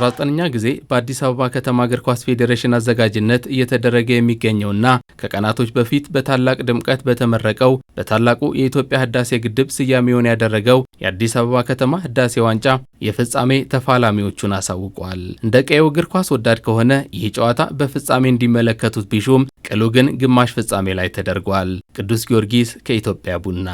ለ19ኛ ጊዜ በአዲስ አበባ ከተማ እግር ኳስ ፌዴሬሽን አዘጋጅነት እየተደረገ የሚገኘውና ከቀናቶች በፊት በታላቅ ድምቀት በተመረቀው በታላቁ የኢትዮጵያ ህዳሴ ግድብ ስያሜውን ያደረገው የአዲስ አበባ ከተማ ህዳሴ ዋንጫ የፍጻሜ ተፋላሚዎቹን አሳውቋል። እንደ ቀየው እግር ኳስ ወዳድ ከሆነ ይህ ጨዋታ በፍጻሜ እንዲመለከቱት ቢሹም ቅሉ ግን ግማሽ ፍጻሜ ላይ ተደርጓል። ቅዱስ ጊዮርጊስ ከኢትዮጵያ ቡና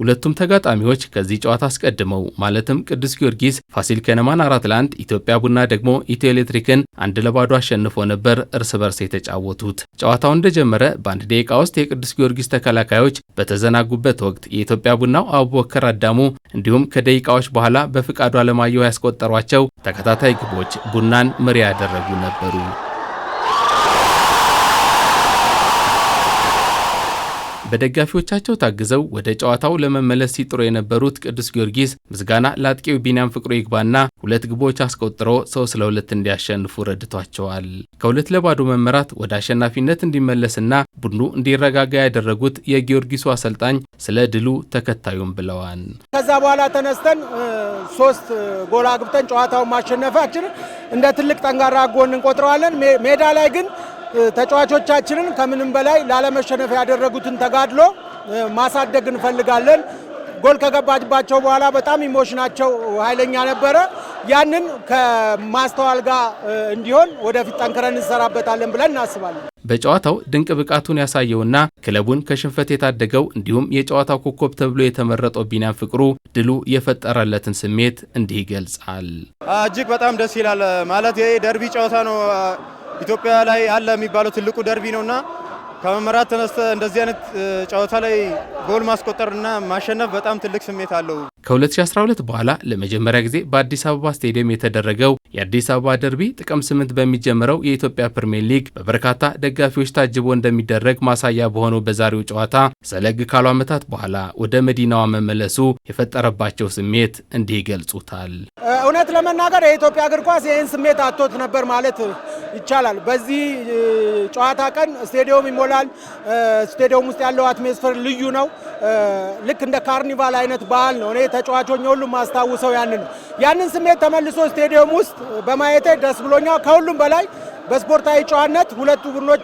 ሁለቱም ተጋጣሚዎች ከዚህ ጨዋታ አስቀድመው ማለትም ቅዱስ ጊዮርጊስ ፋሲል ከነማን አራት ለአንድ፣ ኢትዮጵያ ቡና ደግሞ ኢትዮ ኤሌክትሪክን አንድ ለባዶ አሸንፎ ነበር እርስ በርስ የተጫወቱት። ጨዋታው እንደጀመረ በአንድ ደቂቃ ውስጥ የቅዱስ ጊዮርጊስ ተከላካዮች በተዘናጉበት ወቅት የኢትዮጵያ ቡናው አቡበከር አዳሙ እንዲሁም ከደቂቃዎች በኋላ በፍቃዱ አለማየሁ ያስቆጠሯቸው ተከታታይ ግቦች ቡናን መሪ ያደረጉ ነበሩ። በደጋፊዎቻቸው ታግዘው ወደ ጨዋታው ለመመለስ ሲጥሩ የነበሩት ቅዱስ ጊዮርጊስ ምስጋና ለአጥቂው ቢንያም ፍቅሩ ይግባና ሁለት ግቦች አስቆጥሮ ሰው ስለ ሁለት እንዲያሸንፉ ረድቷቸዋል። ከሁለት ለባዶ መመራት ወደ አሸናፊነት እንዲመለስና ቡድኑ እንዲረጋጋ ያደረጉት የጊዮርጊሱ አሰልጣኝ ስለ ድሉ ተከታዩም ብለዋል። ከዛ በኋላ ተነስተን ሶስት ጎል አግብተን ጨዋታውን ማሸነፋችን እንደ ትልቅ ጠንካራ ጎን እንቆጥረዋለን። ሜዳ ላይ ግን ተጫዋቾቻችንን ከምንም በላይ ላለመሸነፍ ያደረጉትን ተጋድሎ ማሳደግ እንፈልጋለን። ጎል ከገባባቸው በኋላ በጣም ኢሞሽናቸው ኃይለኛ ነበረ። ያንን ከማስተዋል ጋር እንዲሆን ወደፊት ጠንክረን እንሰራበታለን ብለን እናስባለን። በጨዋታው ድንቅ ብቃቱን ያሳየውና ክለቡን ከሽንፈት የታደገው እንዲሁም የጨዋታው ኮከብ ተብሎ የተመረጠው ቢኒያም ፍቅሩ ድሉ የፈጠረለትን ስሜት እንዲህ ይገልጻል። እጅግ በጣም ደስ ይላል። ማለት ይሄ ደርቢ ጨዋታ ነው ኢትዮጵያ ላይ አለ የሚባለው ትልቁ ደርቢ ነውና ከመመራት ተነስተ እንደዚህ አይነት ጨዋታ ላይ ጎል ማስቆጠርና ማሸነፍ በጣም ትልቅ ስሜት አለው። ከ2012 በኋላ ለመጀመሪያ ጊዜ በአዲስ አበባ ስቴዲየም የተደረገው የአዲስ አበባ ደርቢ ጥቅም 8 በሚጀምረው የኢትዮጵያ ፕሪምየር ሊግ በበርካታ ደጋፊዎች ታጅቦ እንደሚደረግ ማሳያ በሆነው በዛሬው ጨዋታ ሰለግ ካሉ ዓመታት በኋላ ወደ መዲናዋ መመለሱ የፈጠረባቸው ስሜት እንዲህ ይገልጹታል። እውነት ለመናገር የኢትዮጵያ እግር ኳስ ይህን ስሜት አቶት ነበር ማለት ይቻላል። በዚህ ጨዋታ ቀን ስቴዲየም ይሞላል። ስቴዲየም ውስጥ ያለው አትሞስፌር ልዩ ነው። ልክ እንደ ካርኒቫል አይነት በዓል ነው። እኔ ተጫዋቾኝ ሁሉም ማስታውሰው ያንን ነው። ያንን ስሜት ተመልሶ ስቴዲየም ውስጥ በማየቴ ደስ ብሎኛል። ከሁሉም በላይ በስፖርታዊ ጨዋነት ሁለቱ ቡድኖች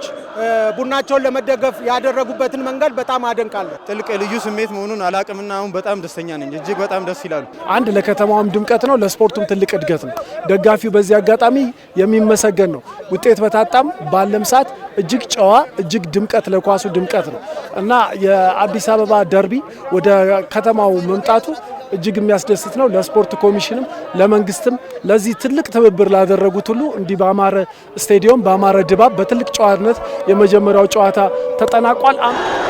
ቡድናቸውን ለመደገፍ ያደረጉበትን መንገድ በጣም አደንቃለሁ። ጥልቅ ልዩ ስሜት መሆኑን አላቅምና አሁን በጣም ደስተኛ ነኝ። እጅግ በጣም ደስ ይላሉ። አንድ ለከተማውም ድምቀት ነው፣ ለስፖርቱም ትልቅ እድገት ነው። ደጋፊው በዚህ አጋጣሚ የሚመሰገን ነው። ውጤት በታጣም ባለም ሰዓት እጅግ ጨዋ፣ እጅግ ድምቀት ለኳሱ ድምቀት ነው እና የአዲስ አበባ ደርቢ ወደ ከተማው መምጣቱ እጅግ የሚያስደስት ነው። ለስፖርት ኮሚሽንም ለመንግስትም ለዚህ ትልቅ ትብብር ላደረጉት ሁሉ እንዲህ በአማረ ስቴዲየም በአማረ ድባብ በትልቅ ጨዋነት የመጀመሪያው ጨዋታ ተጠናቋል።